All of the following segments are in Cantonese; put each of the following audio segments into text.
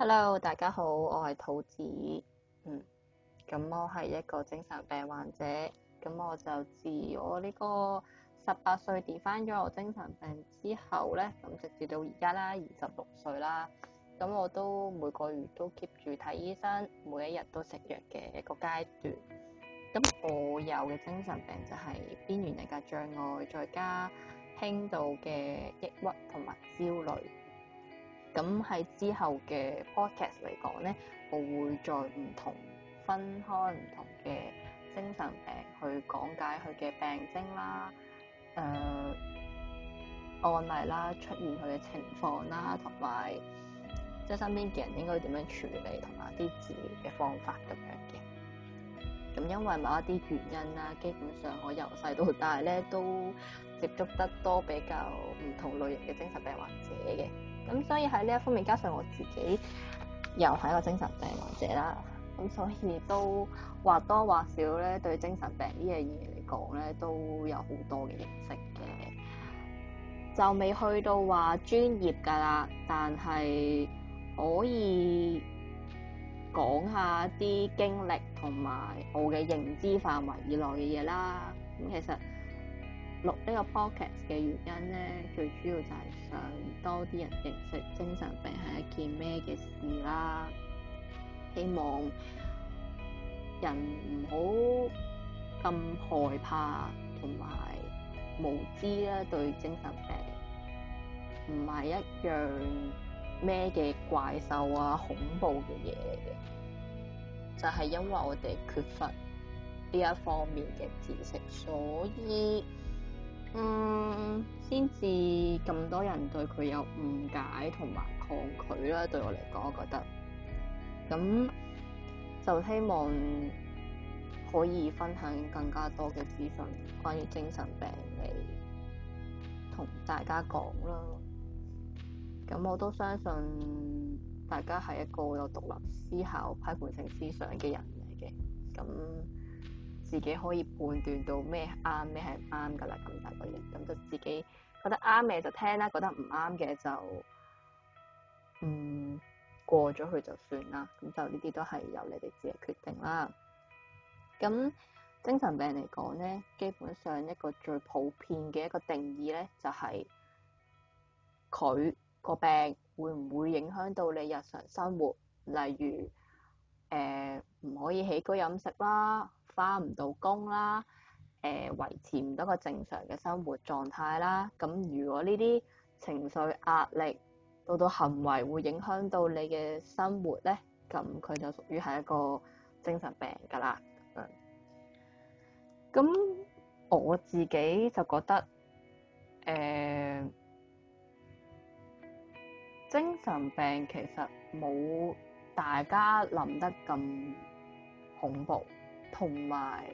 Hello，大家好，我係兔子，嗯，咁我係一個精神病患者，咁我就自我呢個十八歲跌翻咗我精神病之後咧，咁直至到而家啦，二十六歲啦，咁我都每個月都 keep 住睇醫生，每一日都食藥嘅一個階段。咁我有嘅精神病就係邊緣人格障礙，再加輕度嘅抑鬱同埋焦慮。咁喺之後嘅 podcast 嚟講咧，我會再唔同分開唔同嘅精神病去講解佢嘅病徵啦、誒、呃、案例啦、出現佢嘅情況啦，同埋即係身邊嘅人應該點樣處理，同埋啲治療嘅方法咁樣嘅。咁因為某一啲原因啦，基本上我由細到大咧都接觸得多比較唔同類型嘅精神病患者嘅。咁、嗯、所以喺呢一方面，加上我自己又係一個精神病患者啦，咁、嗯、所以都或多或少咧對精神病呢樣嘢嚟講咧都有好多嘅認識嘅，就未去到話專業噶啦，但係可以講下啲經歷同埋我嘅認知範圍以內嘅嘢啦。咁、嗯、其實。錄呢個 Podcast 嘅原因咧，最主要就係想多啲人認識精神病係一件咩嘅事啦，希望人唔好咁害怕同埋無知啦，對精神病唔係一樣咩嘅怪獸啊、恐怖嘅嘢嘅，就係因為我哋缺乏呢一方面嘅知識，所以。嗯，先至咁多人對佢有誤解同埋抗拒啦，對我嚟講，我覺得，咁就希望可以分享更加多嘅資訊關於精神病理同大家講啦。咁我都相信大家係一個有獨立思考批判性思想嘅人嚟嘅，咁。自己可以判斷到咩啱，咩係啱噶啦。咁大個人，咁就自己覺得啱嘅就聽啦，覺得唔啱嘅就嗯過咗去就算啦。咁就呢啲都係由你哋自己決定啦。咁精神病嚟講咧，基本上一個最普遍嘅一個定義咧，就係佢個病會唔會影響到你日常生活，例如誒，呃，唔可以起居飲食啦。返唔到工啦，誒、呃、維持唔到個正常嘅生活狀態啦，咁如果呢啲情緒壓力到到行為，會影響到你嘅生活咧，咁佢就屬於係一個精神病噶啦。咁、嗯、我自己就覺得，誒、呃、精神病其實冇大家諗得咁恐怖。同埋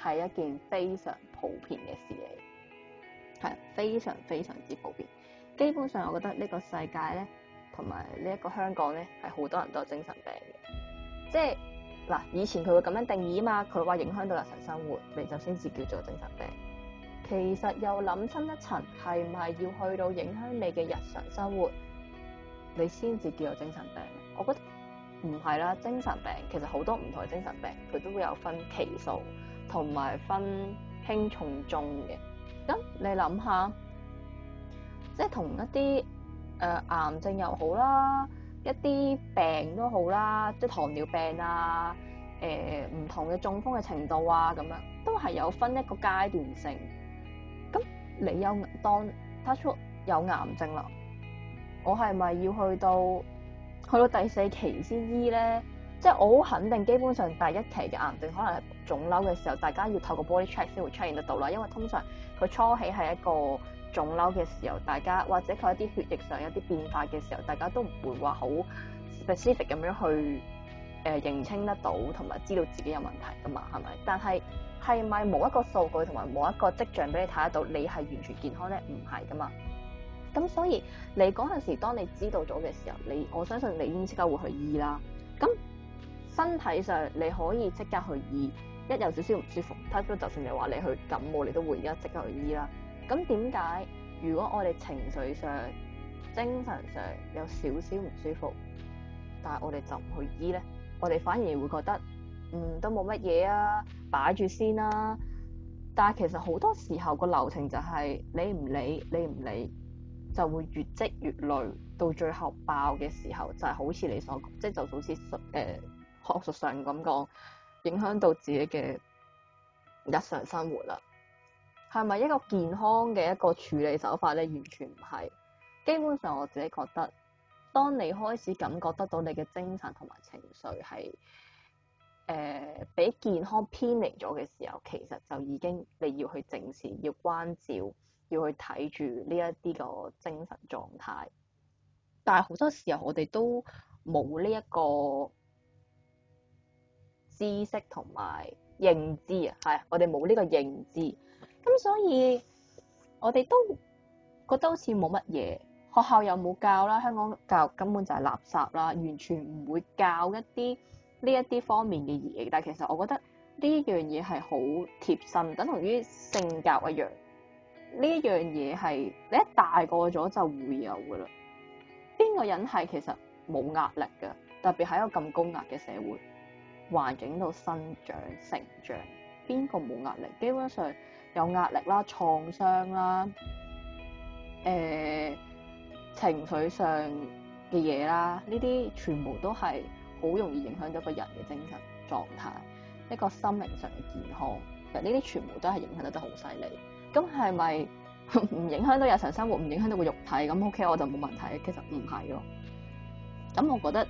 係一件非常普遍嘅事嚟，係非常非常之普遍。基本上，我覺得呢個世界咧，同埋呢一個香港咧，係好多人都有精神病嘅。即係嗱，以前佢會咁樣定義嘛，佢話影響到日常生活，你就先至叫做精神病。其實又諗深一層，係唔係要去到影響你嘅日常生活，你先至叫做精神病咧？我覺得。唔係啦，精神病其實好多唔同嘅精神病，佢都會有分期數同埋分輕重重、重、重嘅。咁你諗下，即係同一啲誒、呃、癌症又好啦，一啲病都好啦，即係糖尿病啊，誒、呃、唔同嘅中風嘅程度啊，咁樣都係有分一個階段性。咁你有當突出有癌症啦，我係咪要去到？去到第四期先醫咧，即係我好肯定，基本上第一期嘅癌症可能係腫瘤嘅時候，大家要透過 body check 先會出現得到啦。因為通常佢初起係一個腫瘤嘅時候，大家或者佢一啲血液上有啲變化嘅時候，大家都唔會話好 specific 咁樣去誒、呃、認清得到，同埋知道自己有問題噶嘛，係咪？但係係咪冇一個數據同埋冇一個跡象俾你睇得到，你係完全健康咧？唔係噶嘛？咁所以，你嗰陣時當你知道咗嘅時候，你我相信你已經即刻會去醫啦。咁身體上你可以即刻去醫，一有少少唔舒服，睇咗就算。你話你去感冒，你都會而家即刻去醫啦。咁點解如果我哋情緒上、精神上有少少唔舒服，但係我哋就唔去醫咧？我哋反而會覺得，嗯，都冇乜嘢啊，擺住先啦。但係其實好多時候個流程就係你唔理，你唔理。就會越積越累，到最後爆嘅時候，就係、是、好似你所講即係、就是、就好似誒、呃、學術上咁講，影響到自己嘅日常生活啦。係咪一個健康嘅一個處理手法咧？完全唔係。基本上我自己覺得，當你開始感覺得到你嘅精神同埋情緒係誒俾健康偏離咗嘅時候，其實就已經你要去正視，要關照。要去睇住呢一啲個精神狀態，但係好多時候我哋都冇呢一個知識同埋認知啊，係我哋冇呢個認知，咁所以我哋都覺得好似冇乜嘢，學校又冇教啦，香港教育根本就係垃圾啦，完全唔會教一啲呢一啲方面嘅嘢。但係其實我覺得呢樣嘢係好貼身，等同於性教一樣。呢一樣嘢係你一大個咗就會有噶啦。邊個人係其實冇壓力噶，特別喺一個咁高壓嘅社會環境度生長成長，邊個冇壓力？基本上有壓力啦，創傷啦，誒、呃、情緒上嘅嘢啦，呢啲全部都係好容易影響到一個人嘅精神狀態，一個心靈上嘅健康。其實呢啲全部都係影響得得好犀利。咁係咪唔影響到日常生活，唔影響到個肉體咁 OK？我就冇問題。其實唔係咯。咁我覺得，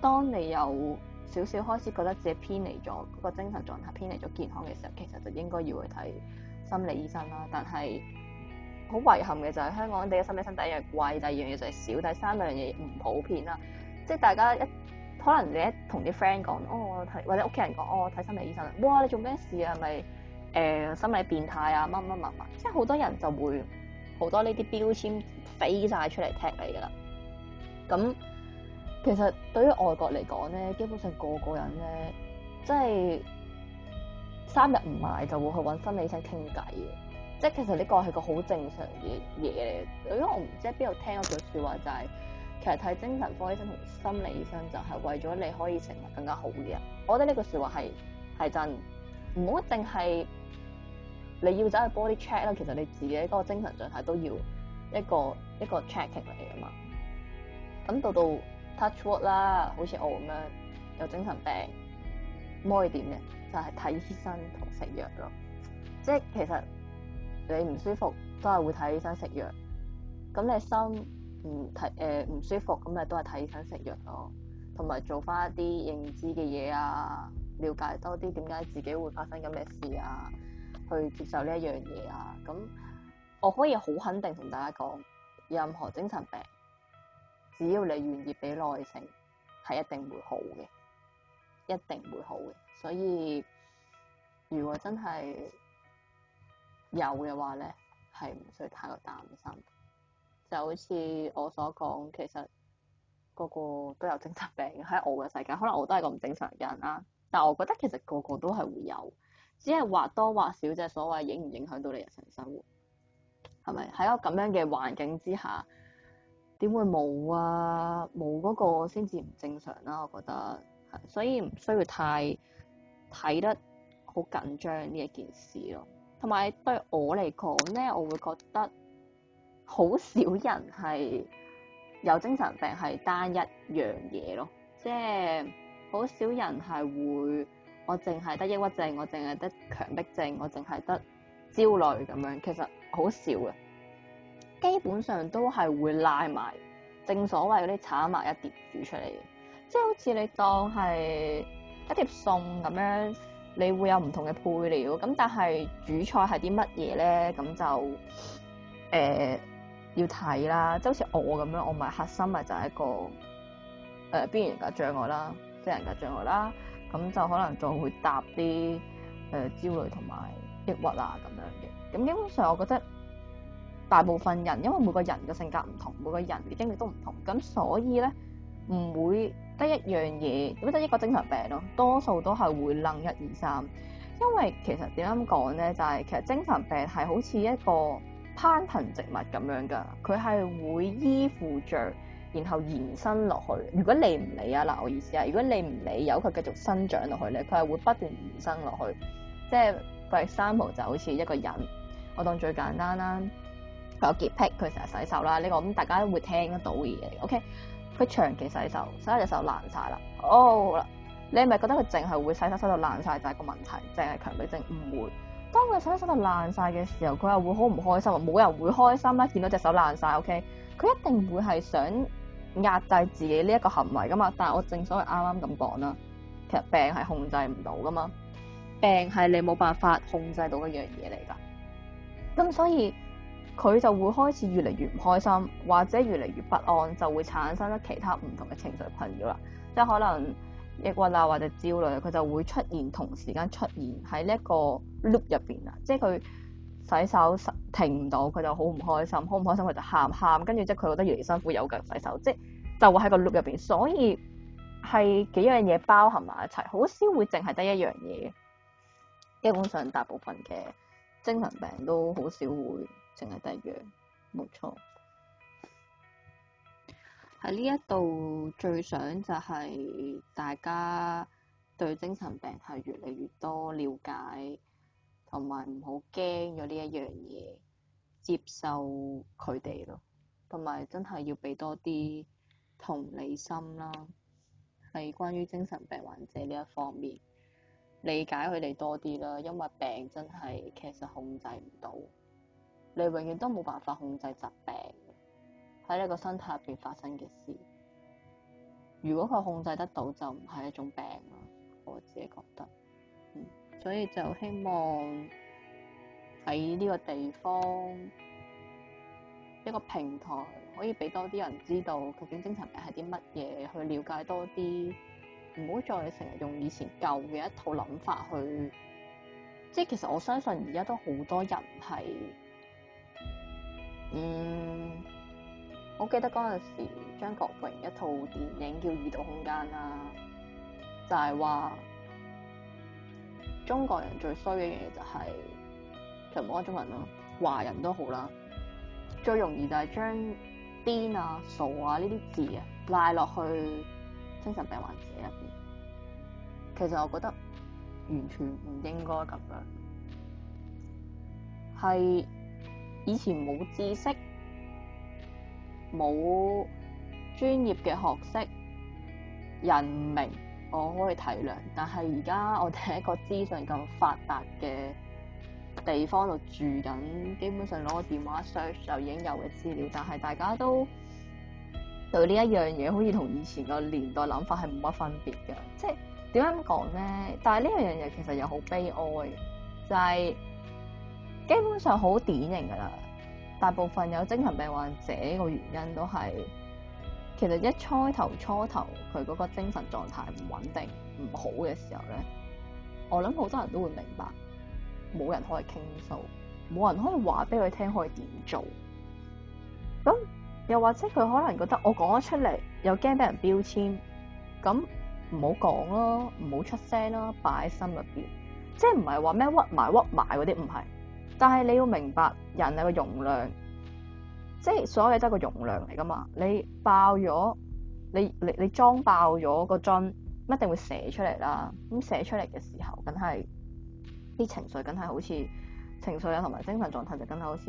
當你有少少開始覺得自己偏離咗個精神狀態，偏離咗健康嘅時候，其實就應該要去睇心理醫生啦。但係好遺憾嘅就係、是、香港，第一心理醫生，第一樣貴，第二樣嘢就係少，第三樣嘢唔普遍啦。即係大家一可能你一同啲 friend 講，哦，我睇或者屋企人講，哦，我睇心理醫生，哇，你做咩事啊？咪？誒、呃，心理變態啊，乜乜乜乜，即係好多人就會好多呢啲標籤飛晒出嚟，踢你噶啦。咁其實對於外國嚟講咧，基本上個個人咧，即係三日唔埋就會去揾心理醫生傾偈嘅。即係其實呢個係個好正常嘅嘢嚟。因為我唔知喺邊度聽咗句說話、就是，就係其實睇精神科醫生同心理醫生就係為咗你可以成為更加好嘅人。我覺得呢句說話係係真，唔好淨係。你要走去 body check 啦，其實你自己嗰個精神狀態都要一個一個 checking 嚟㗎嘛。咁到到 touch wood 啦，好似我咁樣有精神病，可以點嘅就係、是、睇醫生同食藥咯。即係其實你唔舒服都係會睇醫生食藥。咁你心唔睇誒唔舒服咁咪都係睇醫生食藥咯，同埋做翻一啲認知嘅嘢啊，了解多啲點解自己會發生咁嘅事啊。去接受呢一樣嘢啊！咁我可以好肯定同大家講，任何精神病，只要你願意俾耐性，係一定會好嘅，一定會好嘅。所以如果真係有嘅話咧，係唔需要太過擔心。就好似我所講，其實個個都有精神病，喺我嘅世界，可能我都係個唔正常人啦。但係我覺得其實個個都係會有。只係或多或少，即係所謂影唔影響到你日常生活，係咪？喺一個咁樣嘅環境之下，點會冇啊？冇嗰個先至唔正常啦，啊，我覺得。係，所以唔需要太睇得好緊張呢一件事咯。同埋對我嚟講咧，我會覺得好少人係有精神病係單一樣嘢咯，即係好少人係會。我淨係得抑鬱症，我淨係得強迫症，我淨係得焦慮咁樣。其實好少嘅，基本上都係會拉埋，正所謂嗰啲炒埋一碟煮出嚟嘅，即係好似你當係一碟餸咁樣，你會有唔同嘅配料。咁但係主菜係啲乜嘢咧？咁就誒、呃、要睇啦。即係好似我咁樣，我咪核心咪就係一個誒邊緣人格障礙啦，即係人格障礙啦。咁就可能仲會搭啲誒焦慮同埋抑鬱啊咁樣嘅。咁基本上我覺得大部分人，因為每個人嘅性格唔同，每個人嘅經歷都唔同，咁所以咧唔會得一樣嘢，咁得一個精神病咯。多數都係會掙一二三，因為其實點解咁講咧？就係其實精神病係好似一個攀藤植物咁樣噶，佢係會依附着。然後延伸落去。如果你唔理啊嗱，我意思啊，如果你唔理，由佢繼續生長落去咧，佢係會不斷延伸落去。即係譬如三毛就好似一個人，我當最簡單啦。佢有潔癖，佢成日洗手啦。呢、這個咁大家都會聽得到嘅嘢。O K，佢長期洗手，洗下隻手爛晒啦。哦，好啦，你係咪覺得佢淨係會洗手洗到爛晒就係、是、個問題？淨係強迫症？唔會。當佢洗手洗到爛晒嘅時候，佢又會好唔開心，冇人會開心啦，見到隻手爛晒，O K，佢一定會係想。壓制自己呢一個行為噶嘛，但我正所謂啱啱咁講啦，其實病係控制唔到噶嘛，病係你冇辦法控制到一樣嘢嚟噶，咁所以佢就會開始越嚟越唔開心，或者越嚟越不安，就會產生咗其他唔同嘅情緒困擾啦，即係可能抑鬱啊或者焦慮，佢就會出現同時間出現喺呢一個 loop 入邊啦，即係佢。洗手停，停唔到，佢就好唔開心。好唔開心佢就喊喊，跟住即係佢覺得越嚟辛苦，又繼續洗手，即係就會喺個碌入邊。所以係幾樣嘢包含埋一齊，好少會淨係得一樣嘢。基本上大部分嘅精神病都好少會淨係得一樣，冇錯。喺呢一度最想就係大家對精神病係越嚟越多了解。同埋唔好驚咗呢一樣嘢，接受佢哋咯，同埋真係要俾多啲同理心啦，係關於精神病患者呢一方面，理解佢哋多啲啦，因為病真係其實控制唔到，你永遠都冇辦法控制疾病喺你個身體入邊發生嘅事。如果佢控制得到，就唔係一種病啦。我自己覺得。所以就希望喺呢個地方一個平台，可以俾多啲人知道究竟精神病係啲乜嘢，去了解多啲，唔好再成日用以前舊嘅一套諗法去。即係其實我相信而家都好多人係，嗯，我記得嗰陣時張國榮一套電影叫《異度空間》啦，就係，就係話。中國人最衰嘅一樣嘢就係、是，全部亞洲人咯，華人都好啦，最容易就係將癲啊、傻啊呢啲、啊、字啊拉落去精神病患者入邊。其實我覺得完全唔應該咁樣，係以前冇知識、冇專業嘅學識、人明。我可以體諒，但係而家我哋喺一個資訊咁發達嘅地方度住緊，基本上攞個電話 search 就已經有嘅資料，但係大家都對呢一樣嘢，好似同以前個年代諗法係冇乜分別嘅。即係點樣講咧？但係呢一樣嘢其實又好悲哀，就係、是、基本上好典型噶啦，大部分有精神病患者個原因都係。其實一初頭初頭，佢嗰個精神狀態唔穩定、唔好嘅時候咧，我諗好多人都會明白，冇人可以傾訴，冇人可以話俾佢聽可以點做。咁又或者佢可能覺得我講咗出嚟，又驚俾人標籤，咁唔好講咯，唔好出聲咯，擺喺心入邊，即係唔係話咩屈埋屈埋嗰啲，唔係，但係你要明白人有個容量。即係所有嘢都係個容量嚟噶嘛，你爆咗，你你你裝爆咗個樽，一定會寫出嚟啦。咁、嗯、寫出嚟嘅時候，梗係啲情緒，梗係好似情緒啊，同埋精神狀態，就梗係好似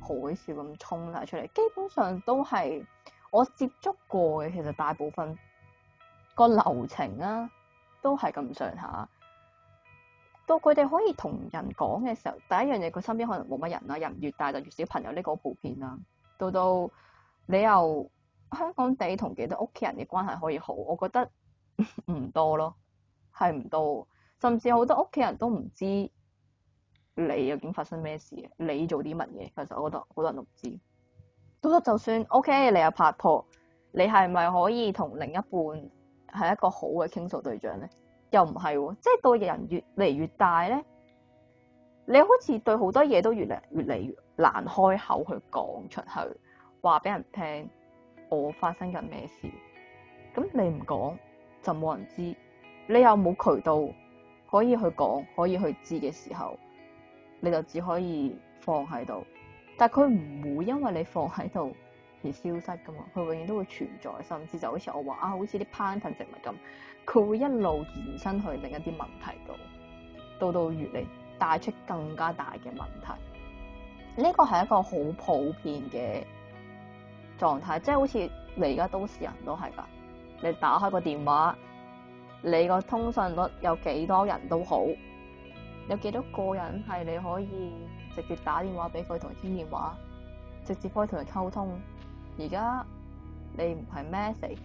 海嘯咁衝晒出嚟。基本上都係我接觸過嘅，其實大部分個流程啊，都係咁上下。到佢哋可以同人講嘅時候，第一樣嘢佢身邊可能冇乜人啦、啊，人越大就越少朋友部、啊，呢個普遍啦。到到你又香港地同幾多屋企人嘅關係可以好？我覺得唔 多咯，係唔多，甚至好多屋企人都唔知你究竟發生咩事，你做啲乜嘢？其實我覺得好多人都唔知。到 到就算 O、okay, K，你又拍拖，你係咪可以同另一半係一個好嘅傾訴對象咧？又唔係？即係對人越嚟越大咧，你好似對好多嘢都越嚟越嚟越。難開口去講出去，話俾人聽我發生緊咩事，咁你唔講就冇人知，你有冇渠道可以去講，可以去知嘅時候，你就只可以放喺度，但佢唔會因為你放喺度而消失噶嘛，佢永遠都會存在，甚至就好似我話啊，好似啲攀藤植物咁，佢會一路延伸去另一啲問題度，到到越嚟帶出更加大嘅問題。呢個係一個好普遍嘅狀態，即係好似你而家都市人都係噶。你打開個電話，你個通訊率有幾多人都好，有幾多個人係你可以直接打電話俾佢同佢傾電話，直接可以同佢溝通。而家你唔係 message，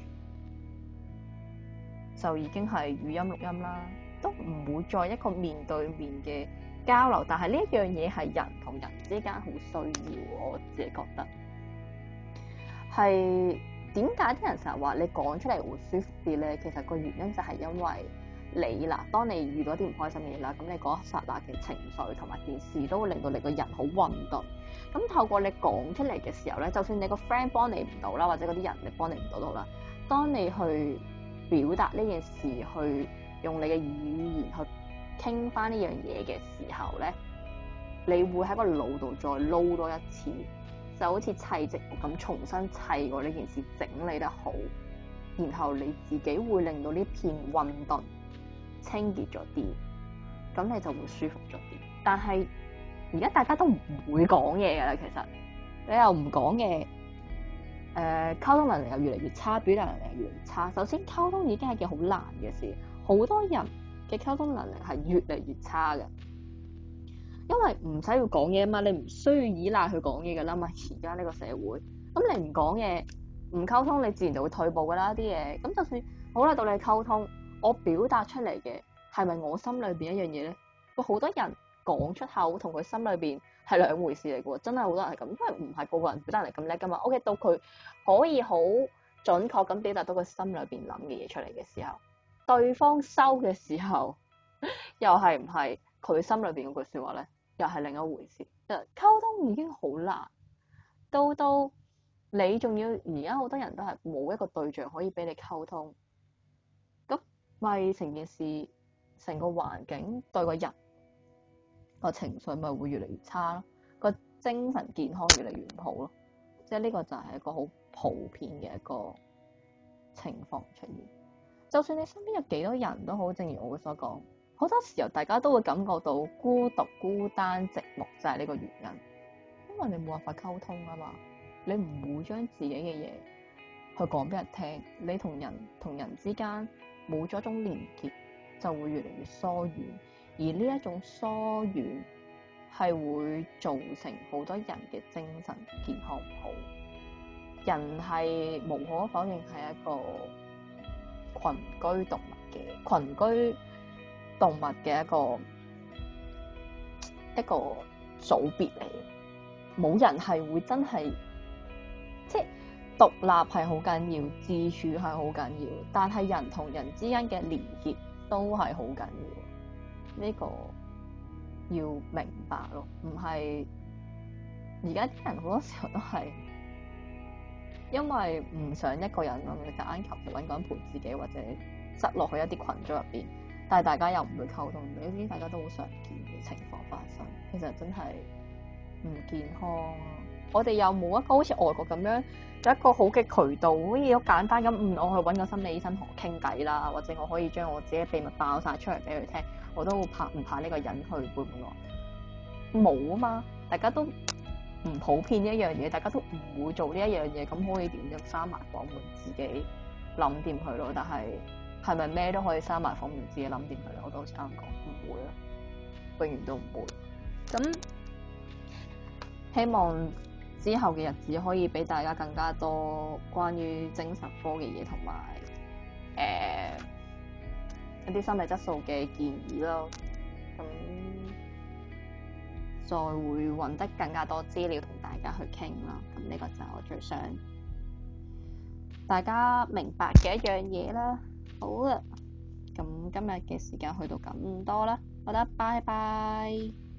就已經係語音錄音啦，都唔會再一個面對面嘅。交流，但係呢一樣嘢，係人同人之間好需要。我自己覺得係，點解啲人成日話你講出嚟會舒服啲咧？其實個原因就係因為你啦，當你遇到啲唔開心嘅嘢啦，咁你嗰一剎那嘅情緒同埋件事都會令到你個人好混沌。咁透過你講出嚟嘅時候咧，就算你個 friend 幫你唔到啦，或者嗰啲人幫你幫你唔到到啦，當你去表達呢件事，去用你嘅語言去。傾翻呢樣嘢嘅時候咧，你會喺個腦度再撈多一次，就好似砌積木咁，重新砌過呢件事，整理得好，然後你自己會令到呢片混沌清潔咗啲，咁你就會舒服咗啲。但係而家大家都唔會講嘢噶啦，其實你又唔講嘅誒，溝通能力又越嚟越差，表達能力越嚟越差。首先，溝通已經係件好難嘅事，好多人。嘅溝通能力係越嚟越差嘅，因為唔使，要講嘢啊嘛，你唔需要依賴佢講嘢噶啦嘛。而家呢個社會，咁你唔講嘢，唔溝通，你自然就會退步噶啦。啲嘢，咁就算好啦，到你溝通，我表達出嚟嘅係咪我心裏邊一樣嘢咧？哇，好多人講出口同佢心裏邊係兩回事嚟嘅喎，真係好多人係咁，因為唔係個個人表達嚟咁叻噶嘛。Okay，到佢可以好準確咁表達到佢心裏邊諗嘅嘢出嚟嘅時候。對方收嘅時候，又係唔係佢心裏邊嗰句說話咧？又係另一回事。溝通已經好難，到到你仲要而家好多人都係冇一個對象可以俾你溝通，咁咪成件事，成個環境對個人個情緒咪會越嚟越差咯，個精神健康越嚟越唔好咯。即係呢個就係一個好普遍嘅一個情況出現。就算你身邊有幾多人都好，正如我所講，好多時候大家都會感覺到孤獨、孤單、寂寞，就係呢個原因。因為你冇辦法溝通啊嘛，你唔會將自己嘅嘢去講俾人聽，你同人同人之間冇咗一種連結，就會越嚟越疏遠，而呢一種疏遠係會造成好多人嘅精神健康唔好。人係無可否認係一個。群居動物嘅群居動物嘅一個一個組別嚟，冇人係會真係即係獨立，係好緊要，自處係好緊要，但係人同人之間嘅連結都係好緊要，呢個要明白咯，唔係而家啲人好多時候都係。因為唔想一個人咁，嗯、就眼求其揾個人陪自己，或者塞落去一啲群組入邊，但係大家又唔會溝通，呢啲大家都好常見嘅情況發生。其實真係唔健康。 我哋又冇一個好似外國咁樣有一個好嘅渠道，可以好簡單咁，嗯，我去揾個心理醫生同我傾偈啦，或者我可以將我自己秘密爆晒出嚟俾佢聽，我都怕唔怕呢個人去背叛我？冇啊嘛，大家都。唔普遍一樣嘢，大家都唔會做呢一樣嘢，咁可以點啫？閂埋房門，自己諗掂佢咯。但係係咪咩都可以閂埋房門，自己諗掂佢？我都好似啱講，唔會咯，永遠都唔會。咁希望之後嘅日子可以俾大家更加多關於精神科嘅嘢，同埋誒一啲心理質素嘅建議咯。咁。再會揾得更加多資料同大家去傾啦，咁呢個就係我最想大家明白嘅一樣嘢啦。好啦，咁今日嘅時間去到咁多啦，好啦，拜拜。